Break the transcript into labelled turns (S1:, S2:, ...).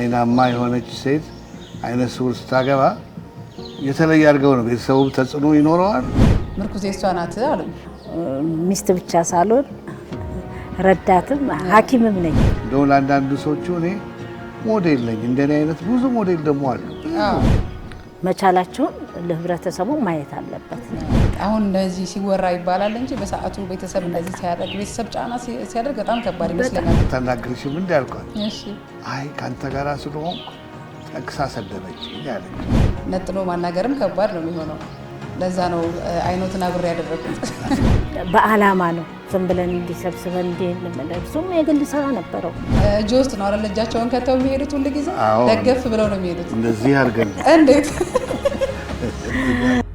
S1: አይናማ የሆነች ሴት አይነ ስውር ስታገባ የተለየ አድርገው ነው። ቤተሰቡ ተጽዕኖ ይኖረዋል።
S2: ምርኩዜ እሷ ናት አሉ።
S3: ሚስት ብቻ ሳልሆን ረዳትም ሐኪምም ነኝ።
S1: እንደውም ለአንዳንዱ ሰዎቹ እኔ ሞዴል ነኝ። እንደኔ አይነት ብዙ ሞዴል ደግሞ አሉ።
S3: መቻላቸውን ለህብረተሰቡ ማየት አለበት።
S2: አሁን እንደዚህ ሲወራ ይባላል እንጂ በሰዓቱ ቤተሰብ እንደዚህ ሲያደርግ ቤተሰብ ጫና ሲያደርግ በጣም ከባድ ይመስለኛል።
S1: ተናግርሽም እንዲ ያልኳል። አይ ከአንተ ጋር ስለሆንኩ ጠቅሳ ሰደበች ያለ
S2: ነጥሎ ማናገርም ከባድ ነው የሚሆነው። ለዛ ነው አይኖትን አብሬ ያደረጉት።
S3: በአላማ ነው። ዝም ብለን እንዲሰብስበን እንዲልመለሱም የግል ስራ ነበረው።
S2: እጅ ውስጥ ነው አለ እጃቸውን ከተው የሚሄዱት ሁል ጊዜ ደገፍ ብለው ነው የሚሄዱት።
S1: እንደዚህ አድርገን
S2: እንዴት